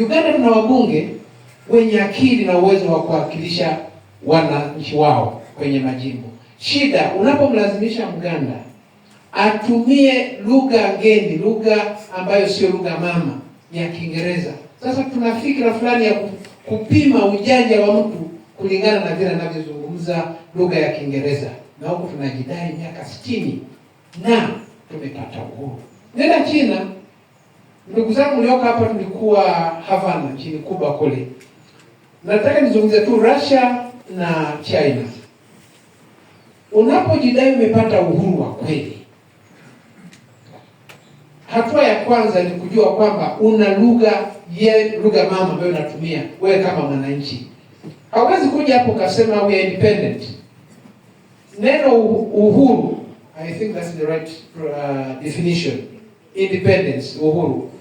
Uganda tuna wabunge wenye akili na uwezo wa kuwakilisha wananchi wao kwenye majimbo. Shida unapomlazimisha Mganda atumie lugha ngeni, lugha ambayo sio lugha mama ya Kiingereza. Sasa tuna fikra fulani ya kupima ujanja wa mtu kulingana na vile anavyozungumza lugha ya Kiingereza, na huku tunajidai miaka sitini na tumepata uhuru. Nenda China Ndugu zangu nilioka hapa, tulikuwa Havana nchini Kuba kule. Nataka nizungumze tu Russia na China. Unapojidai umepata uhuru wa kweli, hatua ya kwanza ni kujua kwamba una lugha ye lugha mama ambayo unatumia wewe kama mwananchi. Hauwezi kuja hapo ukasema we are independent. Neno uhuru, I think that's the right uh, definition. Independence, uhuru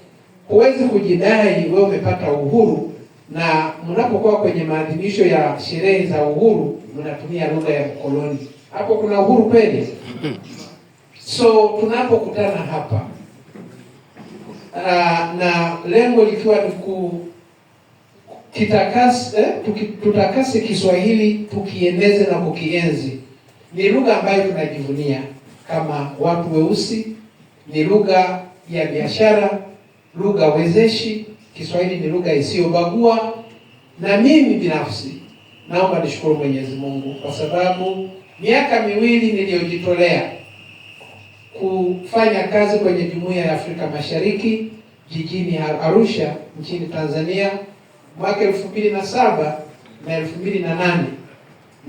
Huwezi kujidai wewe umepata uhuru, na mnapokuwa kwenye maadhimisho ya sherehe za uhuru mnatumia lugha ya mkoloni. Hapo kuna uhuru kweli? So tunapokutana hapa na, ah, na lengo likiwa ku kitakasi eh, tutakase Kiswahili tukieneze na kukienzi. Ni lugha ambayo tunajivunia kama watu weusi, ni lugha ya biashara lugha wezeshi. Kiswahili ni lugha isiyobagua, na mimi binafsi naomba nishukuru Mwenyezi Mungu kwa sababu miaka miwili niliyojitolea kufanya kazi kwenye Jumuiya ya Afrika Mashariki jijini Arusha nchini Tanzania mwaka elfu mbili na saba na elfu mbili na nane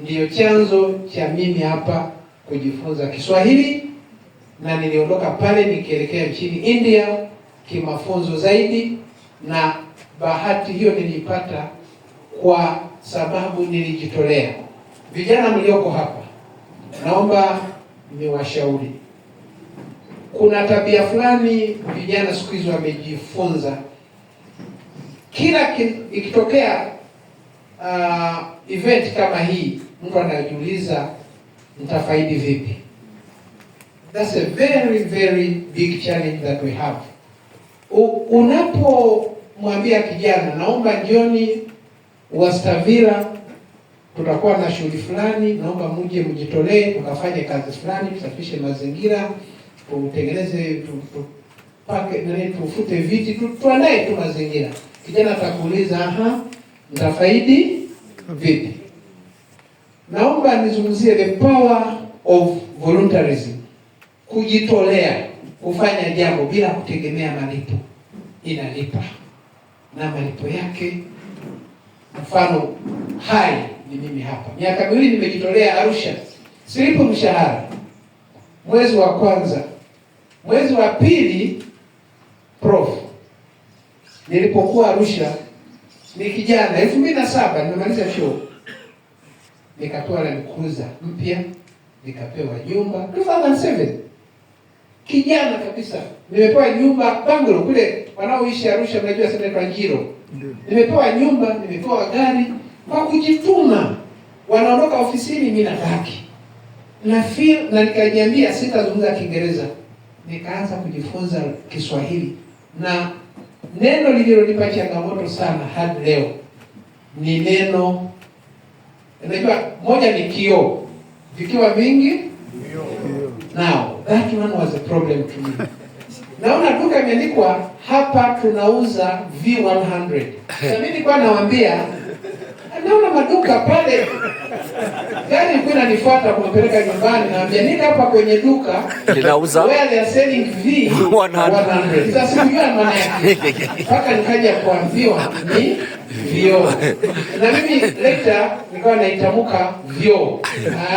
ndiyo chanzo cha mimi hapa kujifunza Kiswahili na niliondoka pale nikielekea nchini India kimafunzo zaidi, na bahati hiyo nilipata kwa sababu nilijitolea. Vijana mlioko hapa, naomba niwashauri, kuna tabia fulani vijana siku hizi wamejifunza, kila ikitokea uh, event kama hii, mtu anajiuliza nitafaidi vipi? That's a very very big challenge that we have unapomwambia kijana, naomba jioni wastavira tutakuwa na shughuli fulani, naomba mje mjitolee, tukafanye kazi fulani, tusafishe mazingira, tutengeneze, tupake nani, tufute viti, tuandae tu mazingira, kijana atakuuliza aha, nitafaidi vipi? Naomba nizungumzie the power of voluntarism, kujitolea kufanya jambo bila kutegemea malipo, inalipa na malipo yake. Mfano hai ni mimi hapa, miaka miwili nimejitolea Arusha, silipo mshahara mwezi wa kwanza, mwezi wa pili prof nilipokuwa Arusha ni kijana elfu mbili na saba nimemaliza show, nikatoa Land Cruiser mpya, nikapewa jumba 2007 kijana kabisa. Nimepewa nyumba bangalo kule, wanaoishi Arusha mnajua sana njiro Nimepewa nyumba, nimepewa gari kwa kujituma. Wanaondoka ofisini, mimi nabaki na feel na nikajiambia sitazungumza Kiingereza, nikaanza kujifunza Kiswahili na neno lililonipa changamoto sana hadi leo ni neno, unajua moja ni kioo, vikiwa vingi nao That one was a problem to me. Naona duka imeandikwa hapa tunauza V100. Sasa mimi nilikuwa naona maduka pale, gari ilikuwa inanifuata kunipeleka nyumbani, naambia nini hapa kwenye duka linauza where they are selling v 100 nitasijua maana yake, mpaka nikaja kuambiwa ni vio na mimi later nikawa naitamka vio.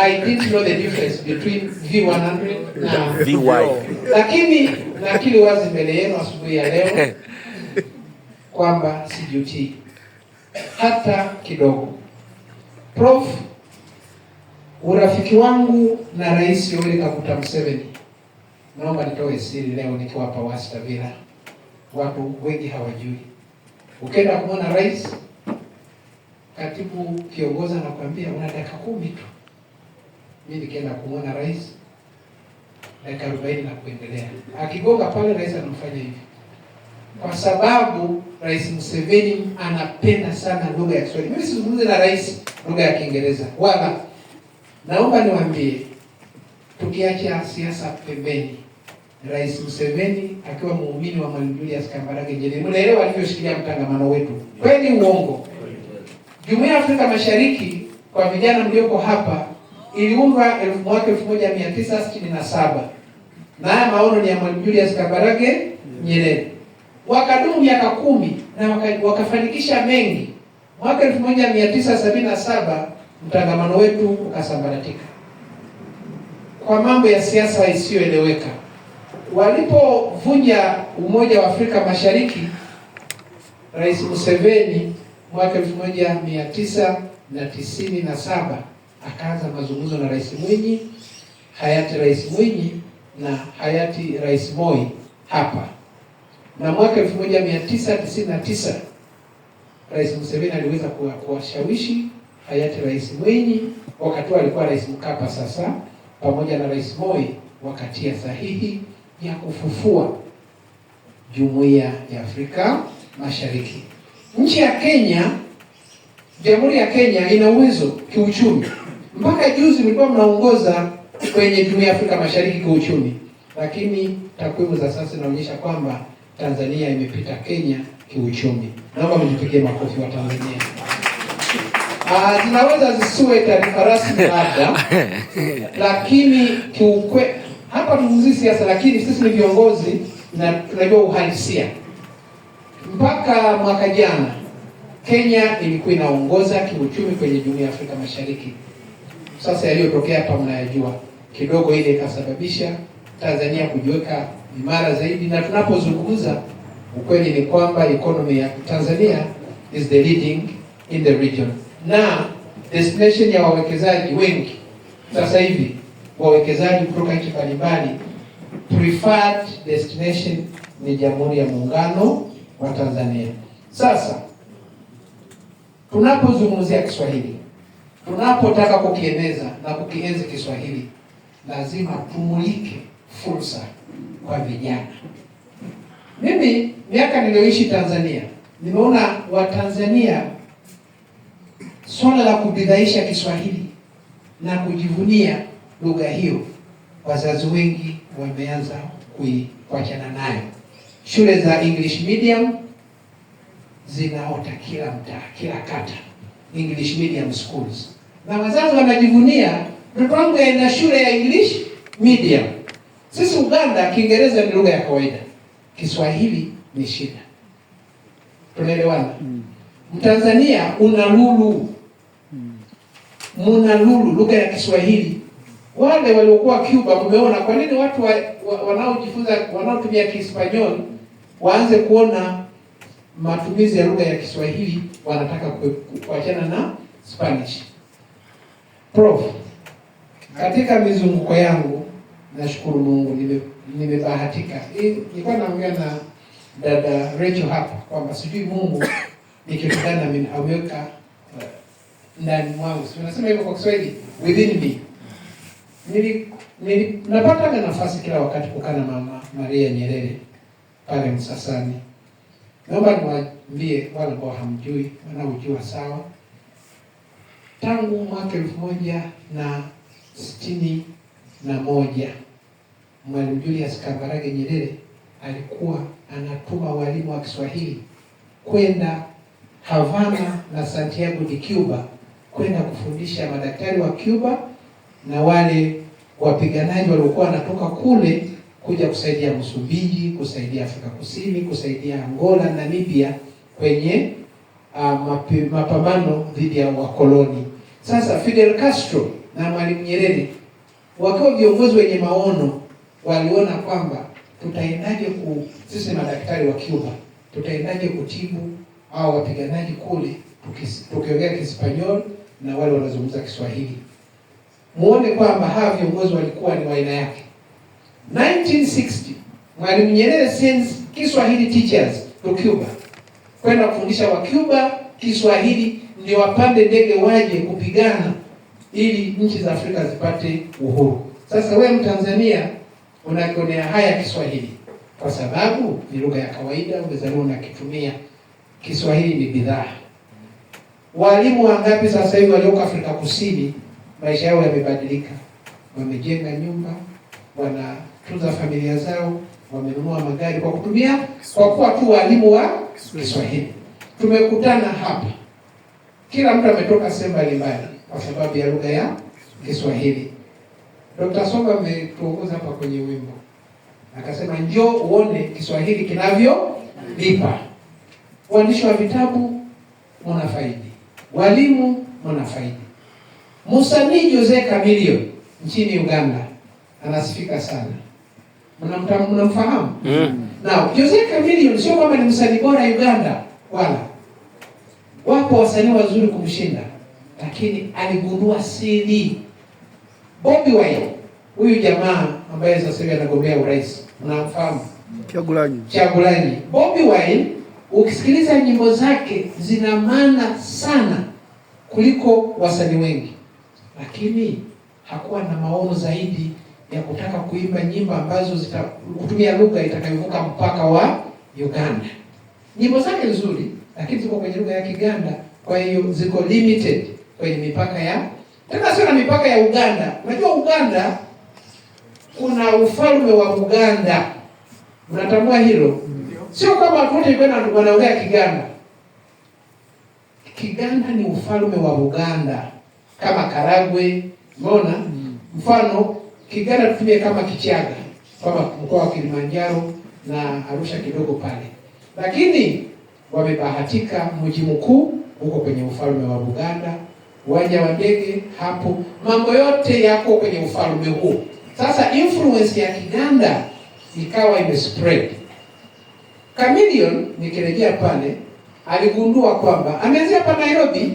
I didn't know the difference between v 100 na vy, lakini na akili wazi mbele yenu asubuhi ya leo kwamba sijutii hata kidogo. Prof, urafiki wangu na Rais Yoweri Kaguta Museveni, naomba nitoe siri leo nikiwa hapa Wasta Villa, watu wengi hawajui. ukenda kumwona rais, katibu kiongozi anakuambia una dakika kumi tu. Mimi nikienda kumwona rais dakika arobaini na kuendelea, akigonga pale rais anamfanya hivi kwa sababu Rais Museveni anapenda sana lugha ya Kiswahili. Mimi sizungumze na rais lugha ya Kiingereza wala, naomba niwaambie, tukiacha siasa pembeni, Rais Museveni akiwa muumini wa Mwalimu Julius Kambarage Nyerere, mnaelewa alivyoshikilia mtangamano wetu, kweli uongo? Jumuiya ya Afrika Mashariki kwa vijana mlioko hapa iliundwa mwaka 1967 na haya maono ni ya Mwalimu Julius Kambarage Nyerere wakadumu miaka kumi na waka, wakafanikisha mengi. Mwaka elfu moja mia tisa sabini na saba mtangamano wetu ukasambaratika kwa mambo ya siasa isiyoeleweka. Walipovunja umoja wa Afrika Mashariki, Rais Museveni mwaka elfu moja mia tisa na tisini na saba akaanza mazungumzo na Rais Mwinyi, hayati Rais Mwinyi na hayati Rais Moi hapa na mwaka 1999 Rais Museveni aliweza kuwashawishi hayati Rais Mwinyi, wakati huo alikuwa Rais Mkapa, sasa pamoja na Rais Moi, wakatia sahihi ya kufufua Jumuiya ya Afrika Mashariki. Nchi ya Kenya, Jamhuri ya Kenya ina uwezo kiuchumi. Mpaka juzi mlikuwa mnaongoza kwenye Jumuiya ya Afrika Mashariki kiuchumi, lakini takwimu za sasa zinaonyesha kwamba Tanzania imepita Kenya kiuchumi. Naomba mjipigie makofi wa Tanzania. Uh, zinaweza zisiwe taarifa rasmi labda, lakini kiukwe hapa tuzungumzie siasa, lakini sisi ni viongozi na tunajua uhalisia. Mpaka mwaka jana Kenya ilikuwa inaongoza kiuchumi kwenye jumuiya ya Afrika Mashariki. Sasa yaliyotokea hapa mnayajua, kidogo ile ikasababisha Tanzania kujiweka imara zaidi, na tunapozungumza ukweli ni kwamba economy ya Tanzania is the leading in the region, na destination ya wawekezaji wengi sasa hivi, wawekezaji kutoka nchi mbalimbali, preferred destination ni Jamhuri ya Muungano wa Tanzania. Sasa tunapozungumzia Kiswahili, tunapotaka kukieneza na kukienzi Kiswahili, lazima tumulike fursa kwa vijana. Mimi miaka niliyoishi Tanzania nimeona Watanzania swala la kubidhaisha Kiswahili na kujivunia lugha hiyo, wazazi wengi wameanza kuachana nayo. Shule za English medium zinaota kila mtaa, kila kata, English medium schools, na wazazi wanajivunia, mtoto wangu aenda shule ya English medium sisi Uganda Kiingereza ni lugha ya kawaida, Kiswahili ni shida. Tunaelewana? Mm. Mtanzania una lulu, muna lulu lugha ya Kiswahili. Wale waliokuwa Cuba, mmeona kwa nini watu wa, wa, wanaojifunza wanaotumia Kihispanyol waanze kuona matumizi ya lugha ya Kiswahili, wanataka kuachana na Spanish. Prof, katika mizunguko yangu Nashukuru Mungu nimebahatika. Eh, nilikuwa naongea na dada Rachel hapa kwamba sijui Mungu ni mimi aweka ameniweka eh, ndani mwangu, unasema hivyo kwa Kiswahili, within me. Nili, nili napata nafasi kila wakati kukana Mama Maria Nyerere pale Msasani. Naomba niwaambie wale ambao hamjui, wanaojua sawa, tangu mwaka elfu moja na sitini na moja Mwalimu Julius Kambarage Nyerere alikuwa anatuma walimu wa Kiswahili kwenda Havana na Santiago de Cuba kwenda kufundisha madaktari wa Cuba na wale wapiganaji waliokuwa wanatoka kule kuja kusaidia Msumbiji, kusaidia Afrika Kusini, kusaidia Angola, Namibia kwenye uh, mapambano dhidi ya wakoloni. Sasa Fidel Castro na Mwalimu Nyerere wakiwa viongozi wenye maono waliona kwamba tutaendaje ku sisi madaktari wa Cuba tutaendaje kutibu au wapiganaji kule tukiongea Kispanyol na wale wanazungumza Kiswahili. Muone kwamba hawa viongozi walikuwa ni waina yake. 1960 Mwalimu Nyerere sends Kiswahili teachers to Cuba kwenda kufundisha wa Cuba Kiswahili ndio wapande ndege waje kupigana ili nchi za Afrika zipate uhuru. Sasa wewe Mtanzania unakionea haya Kiswahili kwa sababu ni lugha ya kawaida, ungezaliwa unakitumia. Kiswahili ni bidhaa. Walimu wangapi sasa hivi walioko Afrika Kusini maisha yao yamebadilika, wamejenga nyumba, wanatunza familia zao, wamenunua magari kwa kutumia, kwa kuwa tu walimu wa Kiswahili. Tumekutana hapa, kila mtu ametoka sehemu mbalimbali kwa sababu ya lugha ya Kiswahili. Dr. Songa ametuongoza hapa kwenye wimbo akasema, njoo uone Kiswahili kinavyolipa. Waandishi wa vitabu faidi walimu faidi Musanii Jose Kamilio nchini Uganda anasifika sana, mnamfahamu? mm. Na Jose Kamilio sio kwamba ni msanii bora Uganda, wala wapo wasanii wazuri kumshinda, lakini aligundua siri Bobi Wine huyu jamaa ambaye sasa hivi anagombea urais, unamfahamu? Chagulani. Chagulani. Bobi Wine ukisikiliza nyimbo zake zina maana sana kuliko wasanii wengi, lakini hakuwa na maono zaidi ya kutaka kuimba nyimbo ambazo zita kutumia lugha itakayovuka mpaka wa Uganda. Nyimbo zake nzuri, lakini ziko kwenye lugha ya Kiganda, kwa hiyo ziko limited kwenye mipaka ya tena yaani sio na mipaka ya Uganda. Unajua Uganda kuna ufalme wa Buganda, unatambua hilo? Sio kama watu wote wanaongea Kiganda. Kiganda ni ufalme wa Buganda kama Karagwe, umeona mfano Kiganda tutumie kama Kichaga kama mkoa wa Kilimanjaro na Arusha kidogo pale, lakini wamebahatika mji mkuu uko kwenye ufalme wa Buganda uwanja wa ndege hapo, mambo yote yako kwenye ufalme huu. Sasa influence ya Kiganda ikawa imespread. Chameleone nikirejea pale, aligundua kwamba ameanzia hapa Nairobi,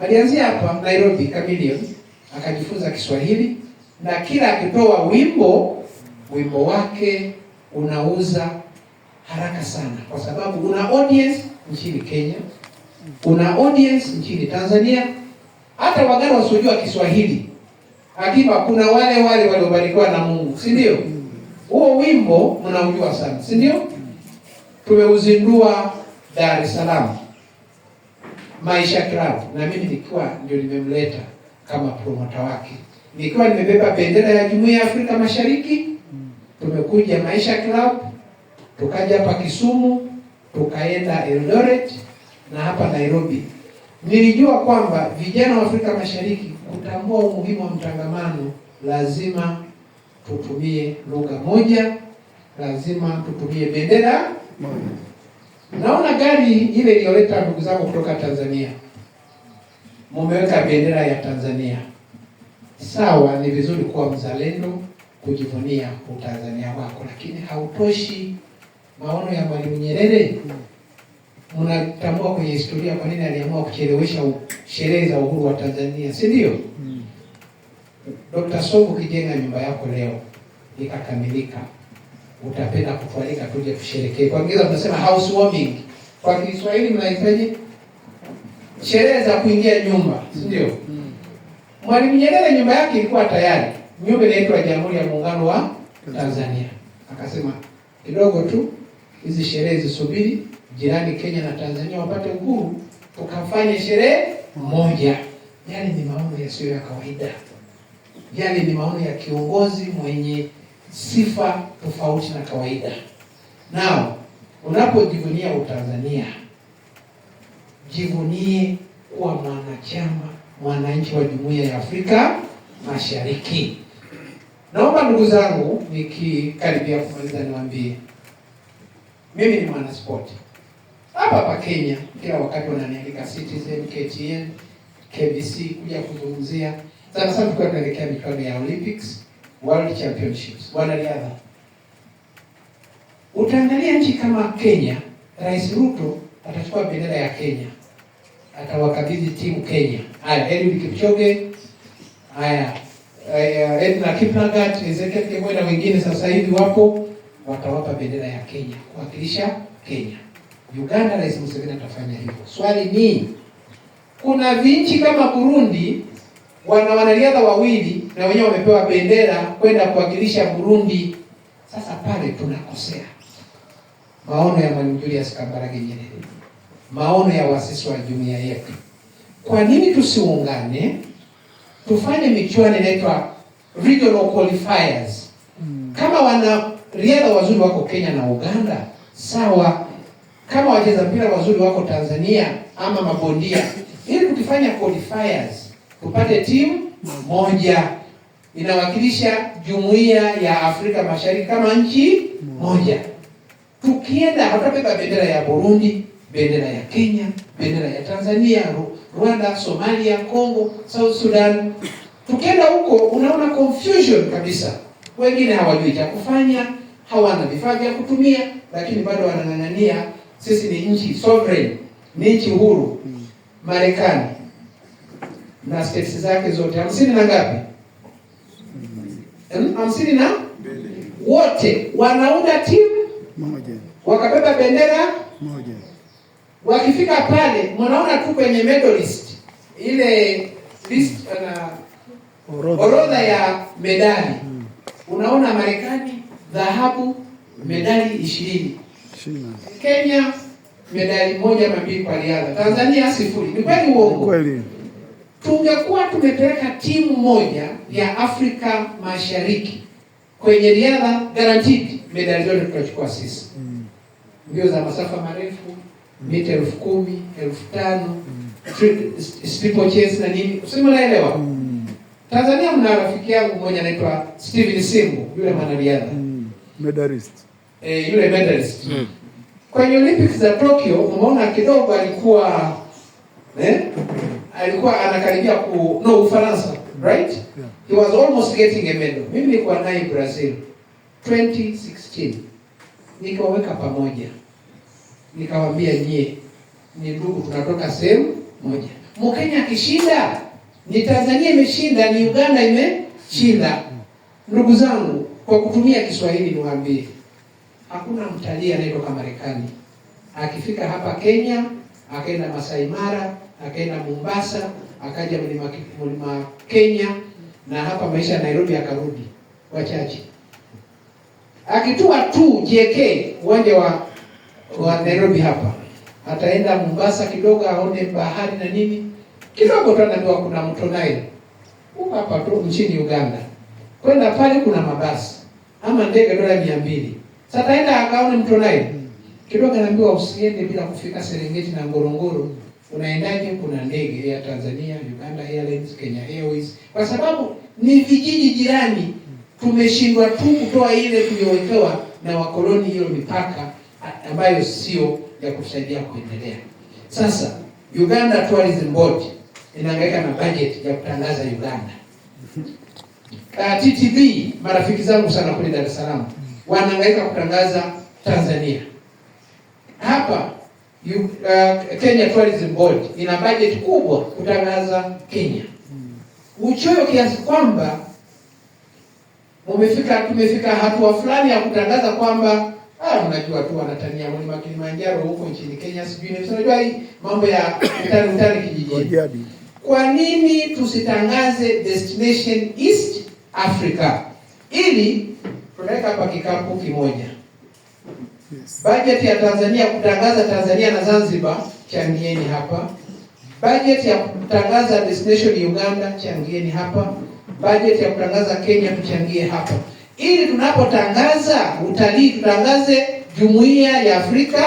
alianzia hapa Nairobi Chameleone, akajifunza Kiswahili na kila akitoa wimbo, wimbo wake unauza haraka sana, kwa sababu una audience nchini Kenya, una audience nchini Tanzania hata wagana wasiojua Kiswahili akiba, kuna wale wale waliobarikiwa na Mungu, si ndio? Huo wimbo mnaujua sana, si ndio? Tumeuzindua Dar es Salaam Maisha Club, na mimi nikiwa ndio nimemleta kama promota wake, nikiwa nimebeba bendera ya Jumuiya ya Afrika Mashariki. Tumekuja Maisha Club, tukaja hapa Kisumu, tukaenda Eldoret na hapa Nairobi. Nilijua kwamba vijana wa Afrika Mashariki kutambua umuhimu wa mtangamano, lazima tutumie lugha moja, lazima tutumie bendera moja. Naona gari ile iliyoleta ndugu zangu kutoka Tanzania, mumeweka bendera ya Tanzania. Sawa, ni vizuri kuwa mzalendo, kujivunia utanzania wako, lakini hautoshi. Maono ya Mwalimu Nyerere unatambua kwenye historia kwa nini aliamua kuchelewesha sherehe za uhuru wa Tanzania, si ndio? Mm. Dr. Somo, ukijenga nyumba yako leo ikakamilika, utapenda kutwalika tuje kusherekee Kwa Kiingereza tunasema housewarming, kwa Kiswahili mnahitaji sherehe za kuingia nyumba, si ndio? Mm. Mwalimu Nyerere nyumba yake ilikuwa tayari, nyumba inaitwa Jamhuri ya Muungano wa Tanzania, akasema kidogo tu hizi sherehe zisubiri jirani Kenya na Tanzania wapate uhuru, tukafanye sherehe moja. Yale ni maono yasiyo ya kawaida, yale ni maono ya kiongozi mwenye sifa tofauti na kawaida. Nao unapojivunia Utanzania, jivunie kuwa mwanachama mwananchi wa Jumuiya ya Afrika Mashariki. Naomba ndugu zangu, nikikaribia kumaliza, niwaambie mimi ni mwanaspoti hapa hapa Kenya, kila wakati wananiandika Citizen, KTN, KBC kuja kuzungumzia sana sana, tukiwa tunaelekea michuano ya Olympics, World Championships. Wanariadha, utaangalia nchi kama Kenya, Rais Ruto atachukua bendera ya Kenya, atawakabidhi timu Kenya. Haya, Eliud Kipchoge, haya Haya, Edna Kiplagat, Ezekiel Kemboi na wengine sasa hivi wako, watawapa bendera ya Kenya kuwakilisha Kenya. Uganda, Rais Museveni atafanya hivyo. Swali ni kuna vinchi kama Burundi wana wanariadha wawili na wenyewe wamepewa bendera kwenda kuwakilisha Burundi. Sasa pale tunakosea maono ya Mwalimu Julius Kambarage Nyerere, maono ya wasisi wa jumuiya yetu. Kwa nini tusiungane tufanye michuano inaitwa regional qualifiers? Hmm. Kama wanariadha wazuri wako Kenya na Uganda, sawa kama wacheza mpira wazuri wako Tanzania ama mabondia, ili tukifanya qualifiers tupate timu moja inawakilisha jumuiya ya Afrika Mashariki kama nchi moja. Tukienda hatutapeba bendera ya Burundi, bendera ya Kenya, bendera ya Tanzania, Rwanda, Somalia, Congo, South Sudan. Tukienda huko unaona confusion kabisa, wengine hawajui cha kufanya, hawana vifaa vya kutumia, lakini bado wanang'ang'ania sisi ni nchi sovereign, ni nchi huru. Marekani na states zake zote hamsini na ngapi? Hmm? hamsini na wote wanaunda timu moja, wakabeba bendera moja. Wakifika pale mnaona tu kwenye medalist ile list na uh, orodha ya medali, unaona Marekani dhahabu medali ishirini Kenya medali moja mambili kwa riadha, Tanzania sifuri. Ni kweli uongo? Kweli. Tungekuwa tumepeleka timu moja ya Afrika Mashariki kwenye riadha, guaranteed medali zote tutachukua sisi, mm. mbio za masafa marefu mm. mita elfu kumi elfu tano mm. steeple chase na nini, usema naelewa mm. Tanzania mna rafiki yangu mmoja anaitwa Steven Simbu, yule mwanariadha mm. medalist eh, yule medalist mm. Kwenye Olympics za Tokyo umeona kidogo alikuwa eh, alikuwa anakaribia ku no Ufaransa right yeah. He was almost getting a medal. Mimi nilikuwa naye Brazil 2016 nikaweka pamoja, nikawaambia nyie ni ndugu, tunatoka sehemu moja. Mkenya akishinda ni Tanzania imeshinda, ni Uganda imeshinda. Hmm. Ndugu zangu, kwa kutumia Kiswahili niwaambie Hakuna mtalii anayetoka Marekani akifika hapa Kenya, akaenda Masai Mara, akaenda Mombasa, akaja mlima mlima Kenya na hapa maisha ya Nairobi akarudi, wachache. Akitua tu JK uwanja wa wa Nairobi hapa, ataenda Mombasa kidogo aone bahari na nini kidogo tu, anaambiwa kuna mto Nile huko hapa tu nchini Uganda. Kwenda pale kuna mabasi ama ndege dola mia mbili sasa enda akaone mtu naye. Kidogo anaambiwa usiende bila kufika Serengeti na Ngorongoro. Unaendaje? Kuna ndege ya Tanzania, Uganda Airlines, Kenya Airways. Kwa sababu ni vijiji jirani tumeshindwa tu kutoa ile tuliyowekewa na wakoloni, hiyo mipaka ambayo sio ya kusaidia kuendelea. Sasa Uganda Tourism Board inaangaika na budget ya kutangaza Uganda. Uh, ah, TTV marafiki zangu sana kule Dar es Salaam wanaweza kutangaza Tanzania hapa. Uh, Kenya Tourism Board ina budget kubwa kutangaza Kenya, uchoyo kiasi kwamba umefika tumefika hatua fulani ya kutangaza kwamba ah, unajua tu wanatania mlima Kilimanjaro huko nchini Kenya, sijui ni unajua hii mambo ya utani utani kijijini. Kwa nini tusitangaze destination East Africa ili tunaweka hapa kikapu kimoja. Bajeti ya Tanzania kutangaza Tanzania na Zanzibar, changieni hapa. Bajeti ya kutangaza destination Uganda, changieni hapa. Bajeti ya kutangaza Kenya, tuchangie hapa, ili tunapotangaza utalii tutangaze Jumuiya ya Afrika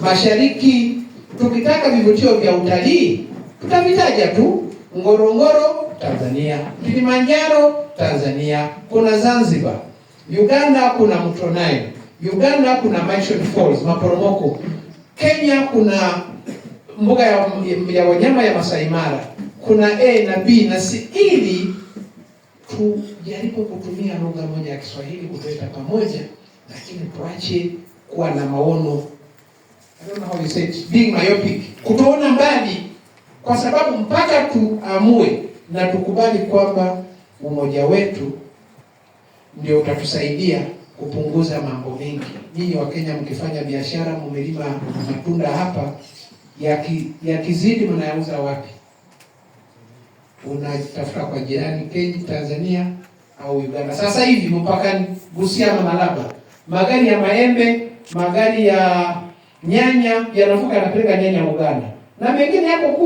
Mashariki. Tukitaka vivutio vya utalii tutavitaja tu, Ngorongoro Tanzania, Kilimanjaro Tanzania, kuna Zanzibar Uganda kuna mto Nile, Uganda kuna Mission Falls, maporomoko. Kenya kuna mbuga ya, ya wanyama ya Masai Mara, kuna A na B na C, ili tujaribu kutumia lugha moja ya Kiswahili kutuleta pamoja, lakini tuache kuwa na maono I don't know how you say it, being myopic, kutoona mbali, kwa sababu mpaka tuamue na tukubali kwamba umoja wetu ndio utatusaidia kupunguza mambo mengi. ninyi Wakenya mkifanya biashara, mmelima matunda hapa, yakizidi mnayauza wapi? Unatafuta kwa jirani Kenya, Tanzania au Uganda. Sasa hivi mpaka Busia na Malaba, magari ya maembe, magari ya nyanya yanavuka yanapeleka nyanya Uganda na mengine yako kule.